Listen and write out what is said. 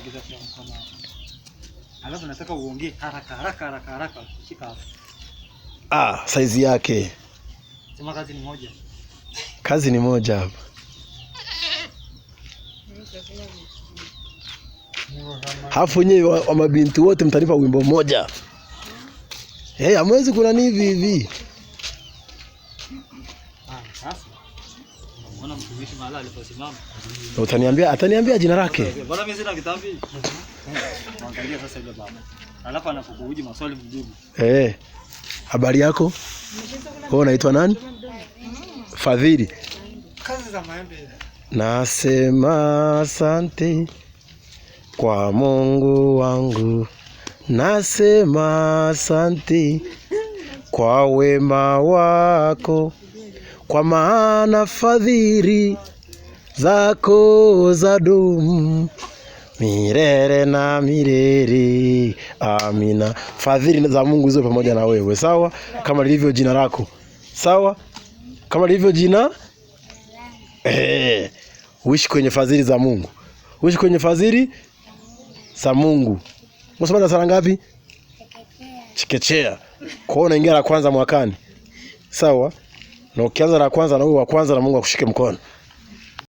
kuongeza kwa kama wako. Alafu nataka uongee haraka haraka haraka haraka shika hapo. Ah, size yake. Sema kazi ni moja. Kazi ni moja hapa. Hafu nyewe wa, wa mabinti wote mtanipa wimbo mmoja. Eh, hey, hamwezi kunani hivi hivi. Ah, sasa. Mbona mtumishi mahali aliposimama? Utaniambia, ataniambia jina lake. Mbona mimi sina kitambi? Angalia sasa hivi baba. Alafu anapokuuji maswali mjibu. Eh. Habari yako? Wewe unaitwa nani? Fadhili. Kazi za maembe. Nasema asante kwa Mungu wangu. Nasema asante kwa wema wako kwa maana fadhili zako zadumu mirere na mireri Amina. Fadhili za Mungu hizo pamoja na wewe, sawa kama lilivyo jina lako, sawa kama lilivyo jina eh. Uishi kwenye fadhili za Mungu, uishi kwenye fadhili za Mungu. Msomaji sala ngapi? Chekechea. Kwa hiyo unaingia la kwanza mwakani, sawa na ukianza na kwanza na huyu wa kwanza na Mungu akushike mkono.